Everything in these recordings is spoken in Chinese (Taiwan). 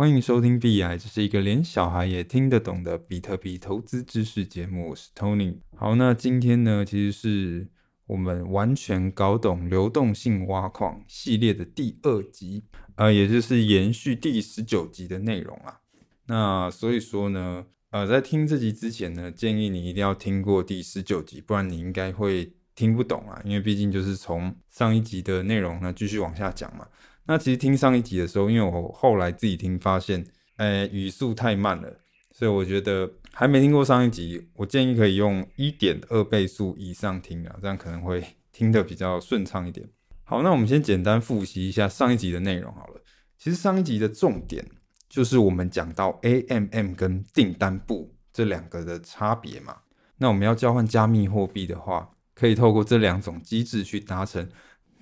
歡迎收聽幣癌，這是一個連小孩也聽得懂的比特幣投資知識節目。我是 Tony。好，那今天呢，其實是我們完全搞懂流動性挖礦系列的第二集，呃，也就是延續第十九集的內容啊。那所以說呢，呃，在聽這集之前呢，建議你一定要聽過第十九集，不然你應該會聽不懂啊，因為畢竟就是從上一集的內容呢，繼續往下講嘛。那其實聽上一集的時候，因為我後來自己聽發現，誒、呃、語速太慢了，所以我覺得還沒聽過上一集，我建議可以用一點二倍速以上聽啊，這樣可能會聽得比較順暢一點。好，那我們先簡單複習一下上一集的內容好了。其實上一集的重點就是我們講到 AMM 跟訂單簿這兩個的差別嘛。那我們要交換加密貨幣的話，可以透過這兩種機制去達成。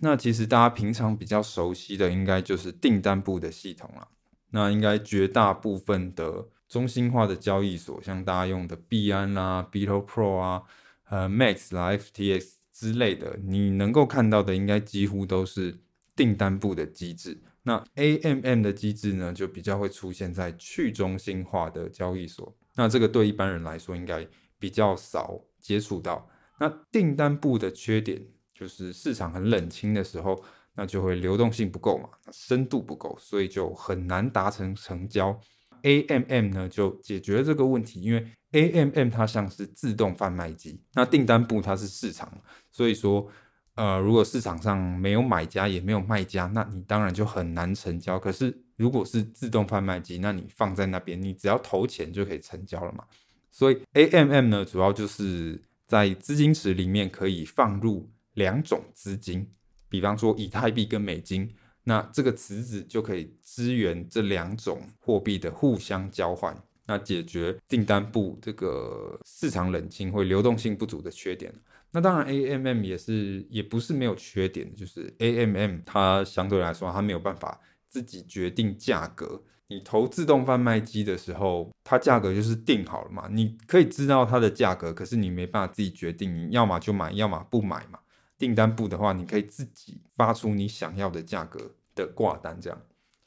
那其實大家平常比較熟悉的，應該就是訂單簿的系統了。那應該絕大部分的中心化的交易所，像大家用的幣安啦、BitoPro 啊、呃 Max 啦、FTX 之類的，你能夠看到的，應該幾乎都是訂單簿的機制。那 AMM 的機制呢，就比較會出現在去中心化的交易所。那這個對一般人來說，應該比較少接觸到。那訂單簿的缺點，就是市場很冷清的時候，那就會流動性不夠嘛，深度不夠，所以就很難達成成交。AMM 呢就解決這個問題，因為 AMM 它像是自動販賣機，那訂單簿它是市場，所以說呃，如果市場上沒有買家也沒有賣家，那你當然就很難成交。可是如果是自動販賣機，那你放在那邊，你只要投錢就可以成交了嘛。所以 AMM 呢，主要就是在資金池裡面可以放入。兩種資金，比方說以太幣跟美金，那這個池子就可以支援這兩種貨幣的互相交換，那解決訂單簿這個市場冷清或流動性不足的缺點。那當然，AMM 也是也不是沒有缺點，就是 AMM 它相對來說它沒有辦法自己決定價格。你投自動販賣機的時候，它價格就是定好了嘛，你可以知道它的價格，可是你沒辦法自己決定，你要麼就買，要麼不買嘛。訂單部的話，你可以自己發出你想要的價格的掛單，這樣。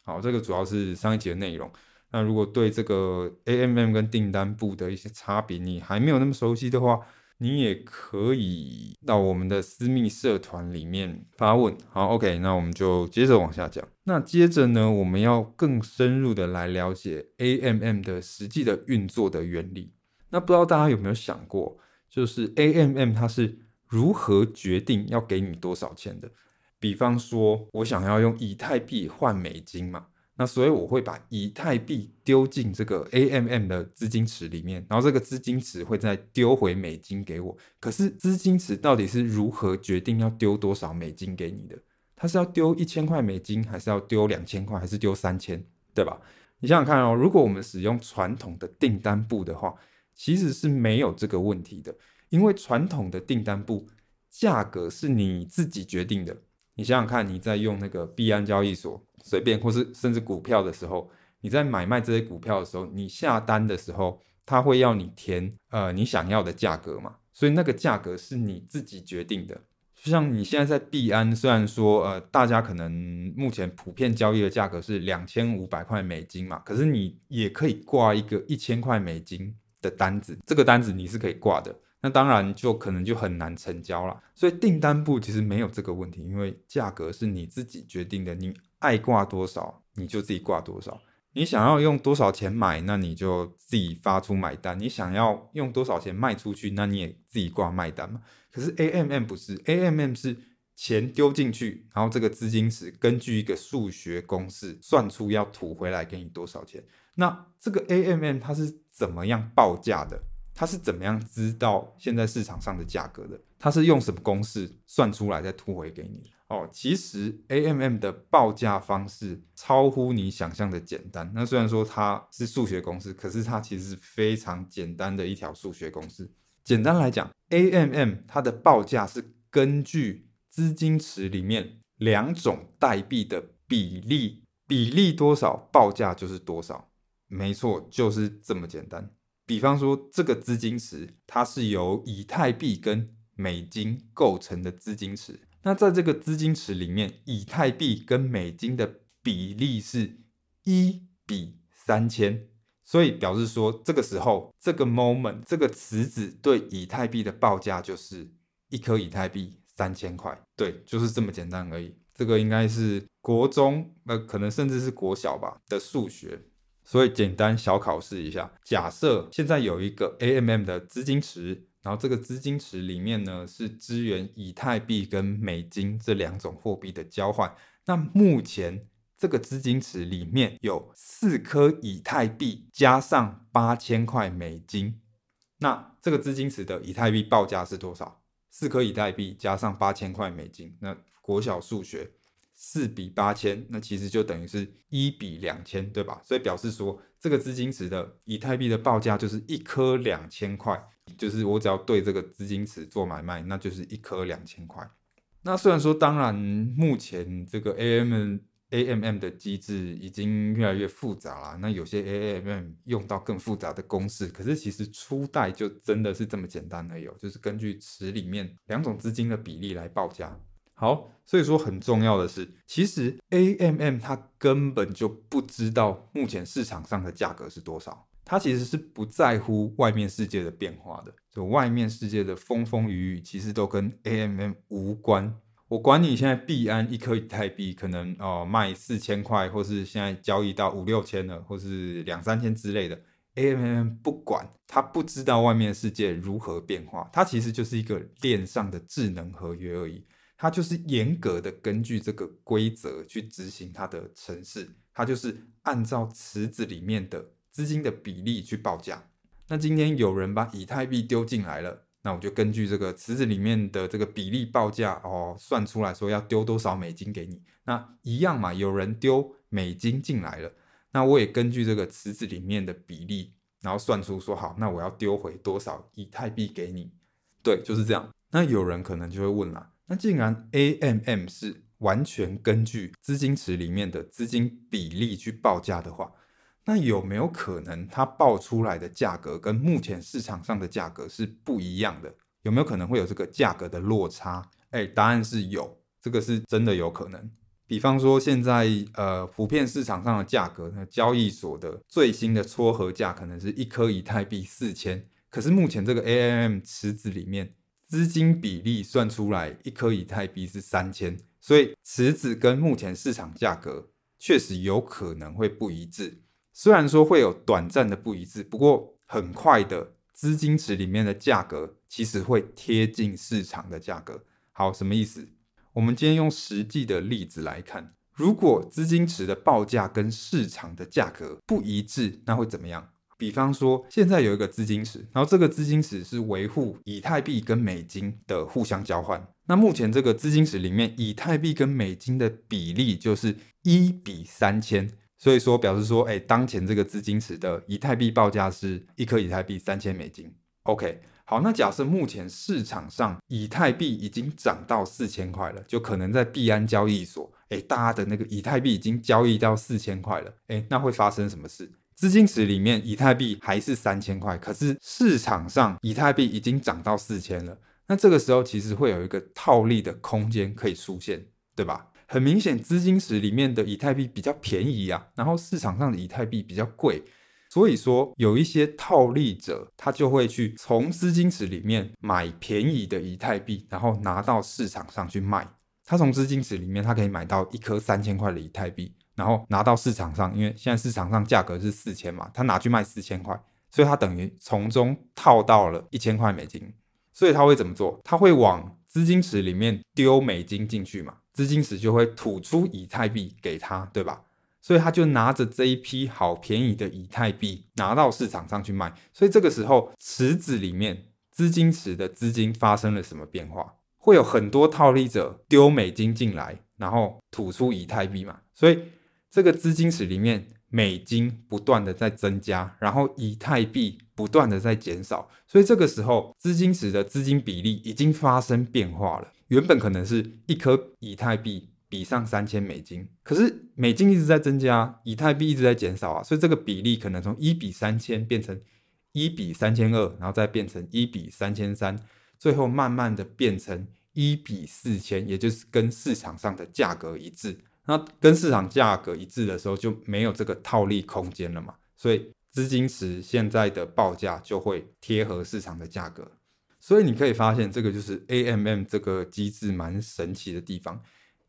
好，這個主要是上一集的內容。那如果對這個 AMM 跟訂單部的一些差別你還沒有那麼熟悉的話，你也可以到我們的私密社團裡面發問。好，OK，那我們就接着往下講。那接着呢，我們要更深入的來了解 AMM 的實際的運作的原理。那不知道大家有沒有想過，就是 AMM 它是。如何決定要給你多少錢的？比方說，我想要用以太幣換美金嘛，那所以我會把以太幣丟進這個 AMM 的資金池裡面，然後這個資金池會再丟回美金給我。可是資金池到底是如何決定要丟多少美金給你的？它是要丟一千塊美金，還是要丟兩千塊，還是丟三千，對吧？你想想看哦，如果我們使用傳統的訂單簿的話，其實是沒有這個問題的。因為傳統的訂單簿價格是你自己決定的，你想想看，你在用那個幣安交易所隨便，或是甚至股票的時候，你在買賣這些股票的時候，你下單的時候，他會要你填呃你想要的價格嘛，所以那個價格是你自己決定的。就像你現在在幣安，雖然說呃大家可能目前普遍交易的價格是兩千五百塊美金嘛，可是你也可以掛一個一千塊美金的單子，這個單子你是可以掛的。那當然就可能就很難成交了，所以訂單部其實沒有這個問題，因為價格是你自己決定的，你愛掛多少你就自己掛多少，你想要用多少錢買，那你就自己發出買單；你想要用多少錢賣出去，那你也自己掛賣單嘛。可是 AMM 不是，AMM 是錢丟進去，然後這個資金池根據一個數學公式算出要吐回來給你多少錢。那這個 AMM 它是怎麼樣報價的？它是怎麼樣知道現在市場上的價格的？它是用什麼公式算出來再吐回給你？哦，其實 AMM 的報價方式超乎你想象的簡單。那雖然說它是數學公式，可是它其實是非常簡單的一條數學公式。簡單來講，AMM 它的報價是根據資金池裡面兩種代幣的比例，比例多少，報價就是多少。沒錯，就是這麼簡單。比方說，這個資金池，它是由以太幣跟美金構成的資金池。那在這個資金池裡面，以太幣跟美金的比例是一比三千，所以表示說，這個時候，這個 moment，這個池子對以太幣的報價就是一顆以太幣三千塊。對，就是這麼簡單而已。這個應該是國中，呃，可能甚至是國小吧的數學。所以簡單小考試一下，假設現在有一個 AMM 的資金池，然後這個資金池裡面呢，是支援以太幣跟美金這兩種貨幣的交換。那目前這個資金池裡面有四顆以太幣加上八千塊美金，那這個資金池的以太幣報價是多少？四顆以太幣加上八千塊美金，那國小數學。四比八千，那其實就等於是一比兩千，對吧？所以表示說，這個資金池的以太幣的報價就是一顆兩千塊，就是我只要對這個資金池做買賣，那就是一顆兩千塊。那雖然說，當然目前這個 A M A M M 的機制已經越來越複雜了，那有些 A M M 用到更複雜的公式，可是其實初代就真的是這麼簡單而已，就是根據池裡面兩種資金的比例來報價。好，所以說很重要的是，其實 A M M 它根本就不知道目前市場上的價格是多少，它其實是不在乎外面世界的變化的。就外面世界的風風雨雨，其實都跟 A M M 無關。我管你現在幣安一顆以太幣可能哦、呃、賣四千塊，或是現在交易到五六千了，或是兩三千之類的，A M M 不管，它不知道外面世界如何變化，它其實就是一個鏈上的智能合約而已。它就是嚴格的根據這個規則去執行它的程式，它就是按照池子裡面的資金的比例去報價。那今天有人把以太幣丟進來了，那我就根據這個池子裡面的這個比例報價哦，算出來說要丟多少美金給你。那一樣嘛，有人丟美金進來了，那我也根據這個池子裡面的比例，然後算出說好，那我要丟回多少以太幣給你。對，就是這樣。那有人可能就會問啦。那既然 AMM 是完全根據資金池裡面的資金比例去報價的話，那有沒有可能它報出來的價格跟目前市場上的價格是不一樣的？有沒有可能會有這個價格的落差？哎、欸，答案是有，這個是真的有可能。比方說現在呃，普遍市場上的價格呢，交易所的最新的撮合價可能是一顆以太幣四千，可是目前這個 AMM 池子裡面。資金比例算出來，一顆以太幣是三千，所以池子跟目前市場價格確實有可能會不一致。雖然說會有短暫的不一致，不過很快的資金池裡面的價格其實會貼近市場的價格。好，什麼意思？我們今天用實際的例子來看，如果資金池的報價跟市場的價格不一致，那會怎麼樣？比方說，現在有一個資金池，然後這個資金池是維護以太幣跟美金的互相交換。那目前這個資金池裡面，以太幣跟美金的比例就是一比三千，所以說表示說，哎，當前這個資金池的以太幣報價是，一顆以太幣三千美金。OK，好，那假設目前市場上以太幣已經漲到四千塊了，就可能在幣安交易所，哎，大家的那個以太幣已經交易到四千塊了，哎，那會發生什麼事？資金池裡面以太幣還是三千塊，可是市場上以太幣已經漲到四千了。那這個時候其實會有一個套利的空間可以出現，對吧？很明顯，資金池裡面的以太幣比較便宜啊，然後市場上的以太幣比較貴，所以說有一些套利者他就會去從資金池裡面買便宜的以太幣，然後拿到市場上去賣。他從資金池裡面他可以買到一顆三千塊的以太幣。然後拿到市場上，因為現在市場上價格是四千嘛，他拿去賣四千塊，所以他等於從中套到了一千塊美金。所以他會怎麼做？他會往資金池裡面丟美金進去嘛，資金池就會吐出以太幣給他，對吧？所以他就拿着這一批好便宜的以太幣拿到市場上去賣。所以這個時候池子裡面資金池的資金發生了什麼變化？會有很多套利者丟美金進來，然後吐出以太幣嘛。所以。這個資金池裡面美金不斷地在增加，然後以太幣不斷地在減少，所以這個時候資金池的資金比例已經發生變化了。原本可能是一顆以太幣比上三千美金，可是美金一直在增加，以太幣一直在減少啊，所以這個比例可能從一比三千變成一比三千二，然後再變成一比三千三，最後慢慢的變成一比四千，也就是跟市場上的價格一致。那跟市場價格一致的時候，就沒有這個套利空間了嘛，所以資金池現在的報價就會貼合市場的價格。所以你可以發現，這個就是 AMM 這個機制蠻神奇的地方。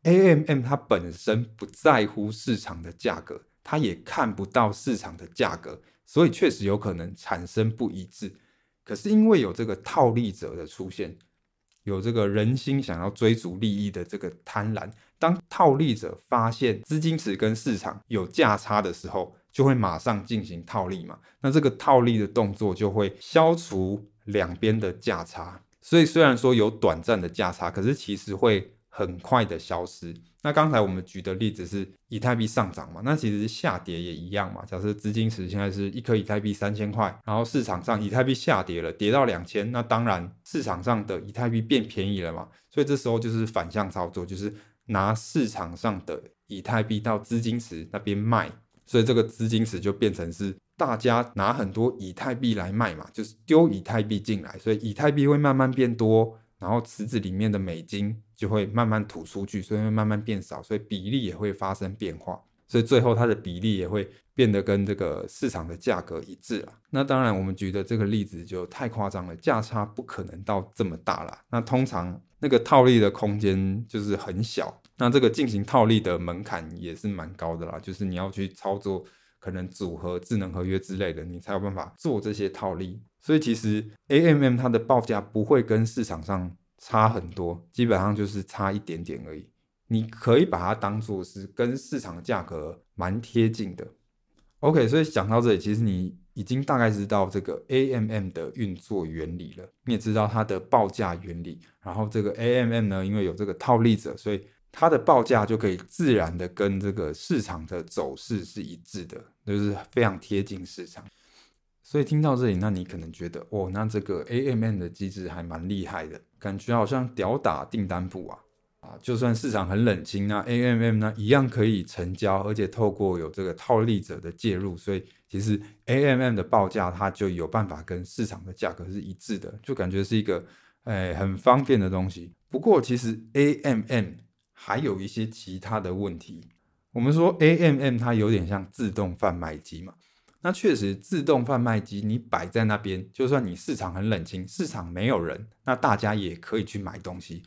AMM 它本身不在乎市場的價格，它也看不到市場的價格，所以確實有可能產生不一致。可是因為有這個套利者的出現，有這個人心想要追逐利益的這個貪婪。當套利者發現資金池跟市場有價差的時候，就會馬上進行套利嘛。那這個套利的動作就會消除兩邊的價差，所以雖然說有短暫的價差，可是其實會很快的消失。那剛才我們舉的例子是以太幣上漲嘛，那其實下跌也一樣嘛。假設資金池現在是一顆以太幣三千塊，然後市場上以太幣下跌了，跌到兩千，那當然市場上的以太幣變便宜了嘛。所以這時候就是反向操作，就是，拿市場上的以太幣到資金池那邊賣，所以這個資金池就變成是大家拿很多以太幣來賣嘛，就是丟以太幣進來，所以以太幣會慢慢變多，然後池子裡面的美金就會慢慢吐出去，所以會慢慢變少，所以比例也會發生變化。所以最後它的比例也會變得跟這個市場的價格一致了。那當然，我們舉的這個例子就太誇張了，價差不可能到這麼大了。那通常那個套利的空間就是很小，那這個進行套利的門檻也是蠻高的啦，就是你要去操作可能組合智能合約之類的，你才有辦法做這些套利。所以其實 AMM 它的報價不會跟市場上差很多，基本上就是差一點點而已。你可以把它當做是跟市場價格蠻貼近的。OK，所以講到這裡，其實你已經大概知道這個 AMM 的運作原理了。你也知道它的報價原理，然後這個 AMM 呢，因為有這個套利者，所以它的報價就可以自然的跟這個市場的走勢是一致的，就是非常貼近市場。所以聽到這裡，那你可能覺得，哦，那這個 AMM 的機制還蠻厲害的，感覺好像屌打訂單簿啊。啊，就算市場很冷清，那 A M M 呢，一樣可以成交，而且透過有這個套利者的介入，所以其實 A M M 的報價它就有辦法跟市場的價格是一致的，就感覺是一個誒、哎、很方便的東西。不過其實 A M M 還有一些其他的問題。我們說 A M M 它有點像自動販賣機嘛，那確實自動販賣機你擺在那邊，就算你市場很冷清，市場沒有人，那大家也可以去買東西。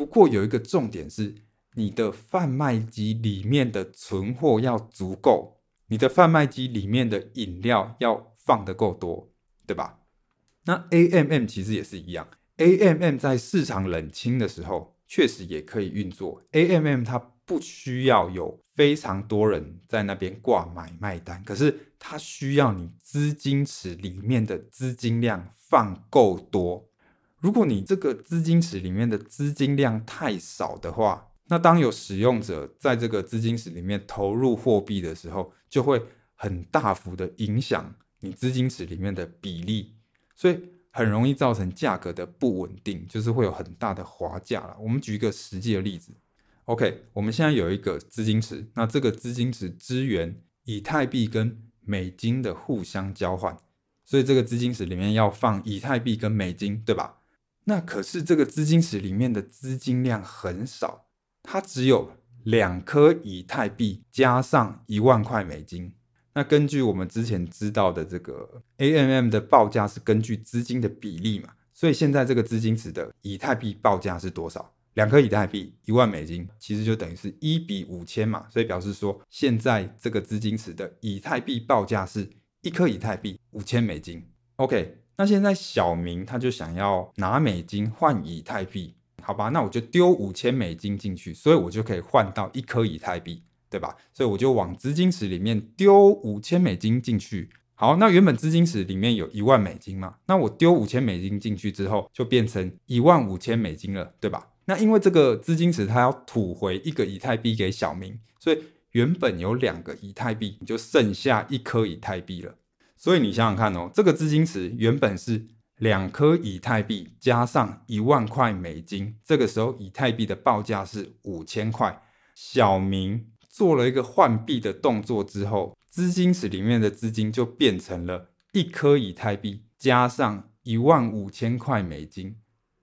不過有一個重點是，你的販賣機裡面的存貨要足夠，你的販賣機裡面的飲料要放得夠多，對吧？那 AMM 其實也是一樣，AMM 在市場冷清的時候，確實也可以運作。AMM 它不需要有非常多人在那邊掛買賣單，可是它需要你資金池裡面的資金量放夠多。如果你這個資金池裡面的資金量太少的話，那當有使用者在這個資金池裡面投入貨幣的時候，就會很大幅的影響你資金池裡面的比例，所以很容易造成價格的不穩定，就是會有很大的滑價了。我們舉一個實際的例子，OK，我們現在有一個資金池，那這個資金池支援以太幣跟美金的互相交換，所以這個資金池裡面要放以太幣跟美金，對吧？那可是這個資金池裡面的資金量很少，它只有兩顆以太幣加上一萬塊美金。那根據我們之前知道的這個 AMM 的報價是根據資金的比例嘛，所以現在這個資金池的以太幣報價是多少？兩顆以太幣一萬美金，其實就等於是一比五千嘛。所以表示說，現在這個資金池的以太幣報價是一顆以太幣五千美金。OK。那現在小明他就想要拿美金換以太幣，好吧？那我就丟五千美金進去，所以我就可以換到一顆以太幣，對吧？所以我就往資金池裡面丟五千美金進去。好，那原本資金池裡面有一萬美金嘛，那我丟五千美金進去之後，就變成一萬五千美金了，對吧？那因為這個資金池它要吐回一個以太幣給小明，所以原本有兩個以太幣，你就剩下一顆以太幣了。所以你想想看哦，這個資金池原本是兩顆以太幣加上一萬塊美金。這個時候，以太幣的報價是五千塊。小明做了一個換幣的動作之後，資金池裡面的資金就變成了一顆以太幣加上一萬五千塊美金。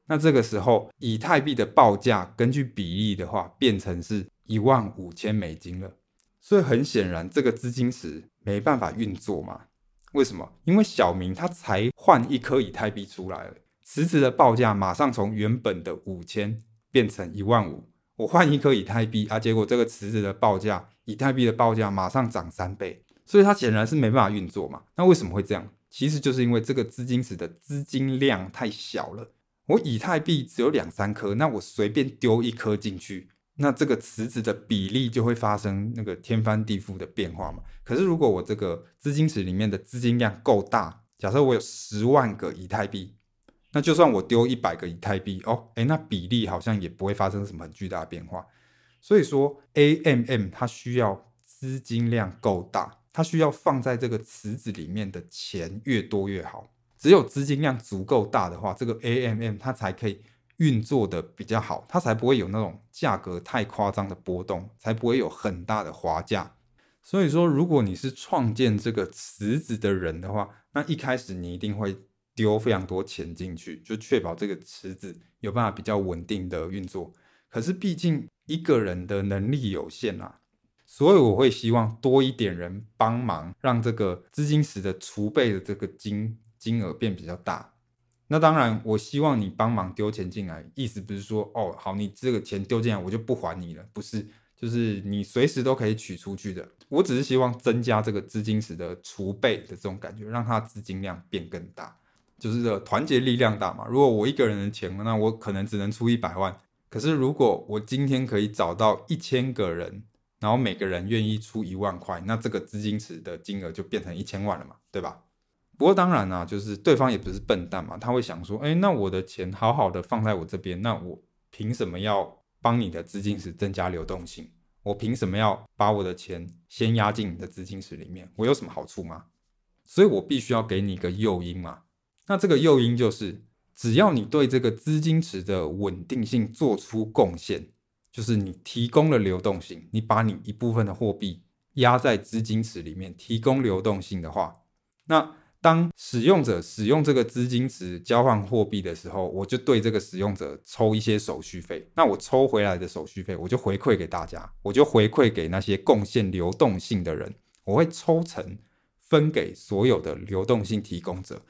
那這個時候，以太幣的報價根據比例的話，變成是一萬五千美金了。所以很顯然，這個資金池沒辦法運作嘛。為什麼？因為小明他才換一顆以太幣出來了，池子的報價馬上從原本的五千變成一萬五。我換一顆以太幣啊，結果這個池子的報價，以太幣的報價馬上漲三倍，所以他顯然是沒辦法運作嘛。那為什麼會這樣？其實就是因為這個資金池的資金量太小了，我以太幣只有兩三顆，那我隨便丟一顆進去。那這個池子的比例就會發生那個天翻地覆的變化嘛？可是如果我這個資金池裡面的資金量夠大，假設我有十萬個以太幣，那就算我丟一百個以太幣，哦，哎、欸，那比例好像也不會發生什麼巨大變化。所以說，A M M 它需要資金量夠大，它需要放在這個池子裡面的錢越多越好。只有資金量足夠大的話，這個 A M M 它才可以。運作的比較好，它才不會有那種價格太誇張的波動，才不會有很大的滑價。所以說，如果你是創建這個池子的人的話，那一開始你一定會丟非常多錢進去，就確保這個池子有辦法比較穩定的運作。可是畢竟一個人的能力有限啊，所以我會希望多一點人幫忙，讓這個資金池的儲備的這個金金額變比較大。那當然，我希望你幫忙丟錢進來，意思不是說哦，好，你這個錢丟進來我就不還你了，不是，就是你隨時都可以取出去的。我只是希望增加這個資金池的儲備的這種感覺，讓它資金量變更大，就是這個，團結力量大嘛。如果我一個人的錢，那我可能只能出一百萬，可是如果我今天可以找到一千個人，然後每個人願意出一萬塊，那這個資金池的金額就變成一千萬了嘛，對吧？不過當然啦、啊，就是對方也不是笨蛋嘛，他會想說，誒，那我的錢好好的放在我這邊，那我憑什麼要幫你的資金池增加流動性？我憑什麼要把我的錢先壓進你的資金池裡面？我有什麼好處嗎？所以我必須要給你一個誘因嘛。那這個誘因就是，只要你對這個資金池的穩定性做出貢獻，就是你提供了流動性，你把你一部分的貨幣壓在資金池裡面提供流動性的話，那。當使用者使用這個資金池交換貨幣的時候，我就對這個使用者抽一些手續費。那我抽回來的手續費，我就回饋給大家，我就回饋給那些貢獻流動性的人。我會抽成分給所有的流動性提供者。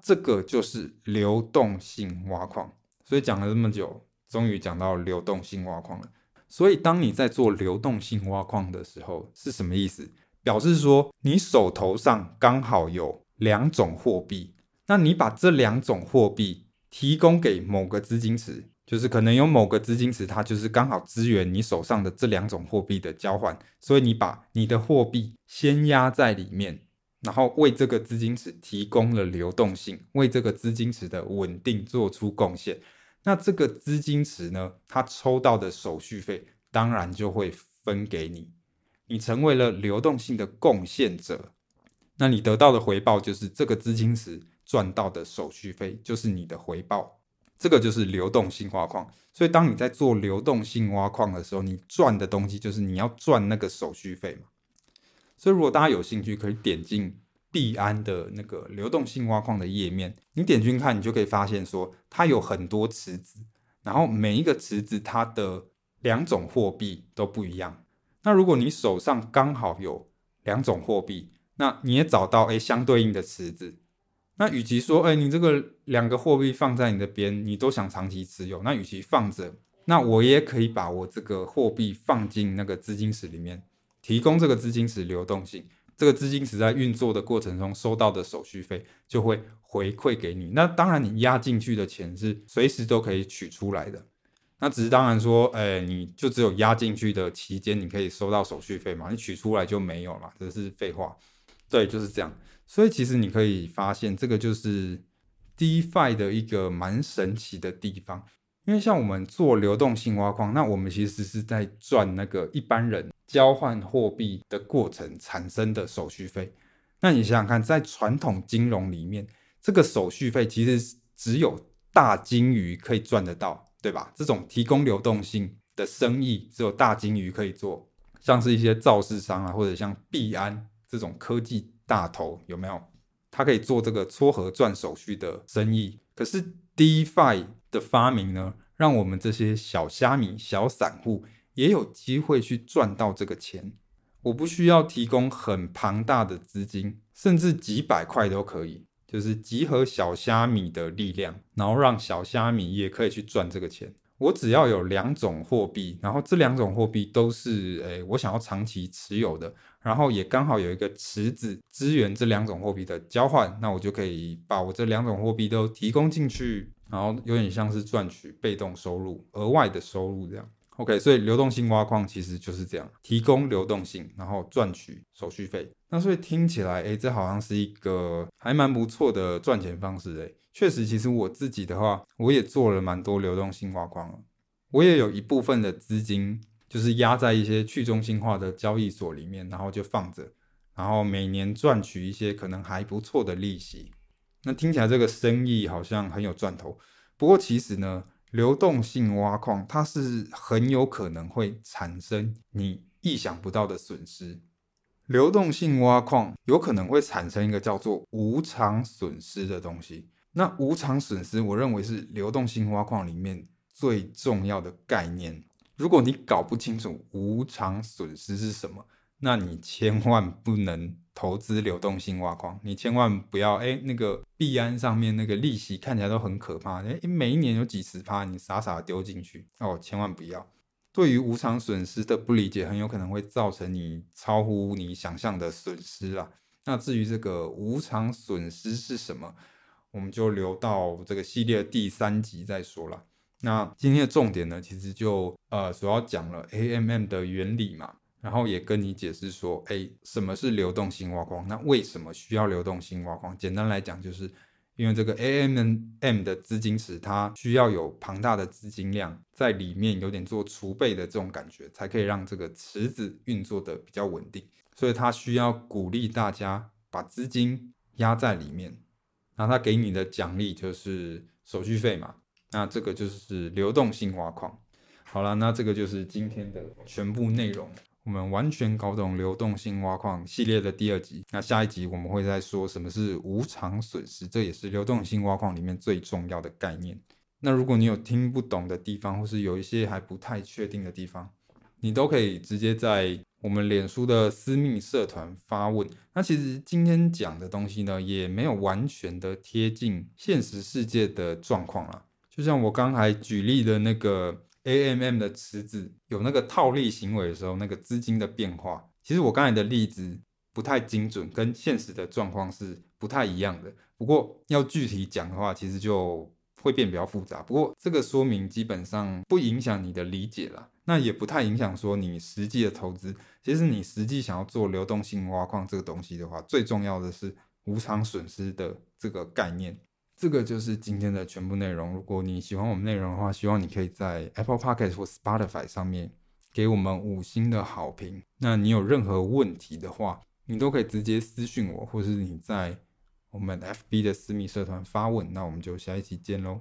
這個就是流動性挖礦。所以講了這麼久，終於講到流動性挖礦了。所以當你在做流動性挖礦的時候，是什麼意思？表示說你手頭上剛好有。兩種貨幣，那你把這兩種貨幣提供給某個資金池，就是可能有某個資金池，它就是剛好支援你手上的這兩種貨幣的交換，所以你把你的貨幣先押在裡面，然後為這個資金池提供了流動性，為這個資金池的穩定做出貢獻。那這個資金池呢，它抽到的手續費當然就會分給你，你成為了流動性的貢獻者。那你得到的回報就是這個資金池賺到的手續費，就是你的回報。這個就是流動性挖礦。所以，當你在做流動性挖礦的時候，你賺的東西就是你要賺那個手續費嘛。所以，如果大家有興趣，可以點進幣安的那個流動性挖礦的頁面，你點進去看，你就可以發現說，它有很多池子，然後每一個池子它的兩種貨幣都不一樣。那如果你手上剛好有兩種貨幣，那你也找到誒，相對應的池子，那與其說誒，你這個兩個貨幣放在你的邊，你都想長期持有，那與其放着，那我也可以把我這個貨幣放進那個資金池裡面，提供這個資金池流動性，這個資金池在運作的過程中收到的手續費就會回饋給你。那當然你押進去的錢是隨時都可以取出來的，那只是當然說，誒，你就只有押進去的期間你可以收到手續費嘛，你取出來就沒有了，這是廢話。對，就是這樣。所以其實你可以發現，這個就是 DeFi 的一個蠻神奇的地方。因為像我們做流動性挖礦，那我們其實是在賺那個一般人交換貨幣的過程產生的手續費。那你想想看，在傳統金融裡面，這個手續費其實只有大鯨魚可以賺得到，對吧？這種提供流動性的生意，只有大鯨魚可以做，像是一些造市商啊，或者像幣安。這種科技大頭有沒有？他可以做這個撮合賺手續費的生意。可是 DeFi 的發明呢，讓我們這些小蝦米、小散戶也有機會去賺到這個錢。我不需要提供很龐大的資金，甚至幾百塊都可以，就是集合小蝦米的力量，然後讓小蝦米也可以去賺這個錢。我只要有兩種貨幣，然後這兩種貨幣都是誒、欸、我想要長期持有的，然後也剛好有一個池子支援這兩種貨幣的交換，那我就可以把我這兩種貨幣都提供進去，然後有點像是賺取被動收入、額外的收入這樣。OK，所以流動性挖礦其實就是這樣，提供流動性，然後賺取手續費。那所以聽起來，誒、欸，這好像是一個還蠻不錯的賺錢方式、欸，誒。確實，其實我自己的話，我也做了蠻多流動性挖礦了。我也有一部分的資金就是壓在一些去中心化的交易所裡面，然後就放着，然後每年賺取一些可能還不錯的利息。那聽起來這個生意好像很有賺頭。不過其實呢，流動性挖礦它是很有可能會產生你意想不到的損失。流動性挖礦有可能會產生一個叫做無常損失的東西。那無常損失，我認為是流動性挖礦裡面最重要的概念。如果你搞不清楚無常損失是什麼，那你千萬不能投資流動性挖礦。你千萬不要，哎、欸，那個幣安上面那個利息看起來都很可怕，哎、欸，每一年有幾十趴，你傻傻丟進去，哦，千萬不要。對於無常損失的不理解，很有可能會造成你超乎你想象的損失啦。那至於這個無常損失是什麼？我們就留到這個系列第三集再說了。那今天的重點呢，其實就呃主要講了 AMM 的原理嘛，然後也跟你解釋說，哎，什麼是流動性挖礦？那為什麼需要流動性挖礦？簡單來講，就是因為這個 AMM 的資金池，它需要有龐大的資金量在裡面，有點做儲備的這種感覺，才可以讓這個池子運作的比較穩定。所以它需要鼓勵大家把資金壓在裡面。那他給你的獎勵就是手續費嘛？那這個就是流動性挖礦。好了，那這個就是今天的全部內容。我們完全搞懂流動性挖礦系列的第二集。那下一集我們會再說什麼是無常損失，這也是流動性挖礦裡面最重要的概念。那如果你有聽不懂的地方，或是有一些還不太確定的地方，你都可以直接在我們臉書的私密社團發問，那其實今天講的東西呢，也沒有完全的貼近現實世界的狀況啦。就像我剛才舉例的那個 A M M 的池子有那個套利行為的時候，那個資金的變化，其實我剛才的例子不太精準，跟現實的狀況是不太一樣的。不過要具體講的話，其實就會變比較複雜。不過這個說明基本上不影響你的理解啦。那也不太影響說你實際的投資。其實你實際想要做流動性挖礦這個東西的話，最重要的是無常損失的這個概念。這個就是今天的全部內容。如果你喜歡我們內容的話，希望你可以在 Apple Podcast 或 Spotify 上面給我們五星的好評。那你有任何問題的話，你都可以直接私訊我，或是你在我們 FB 的私密社團發問。那我們就下一期見嘍。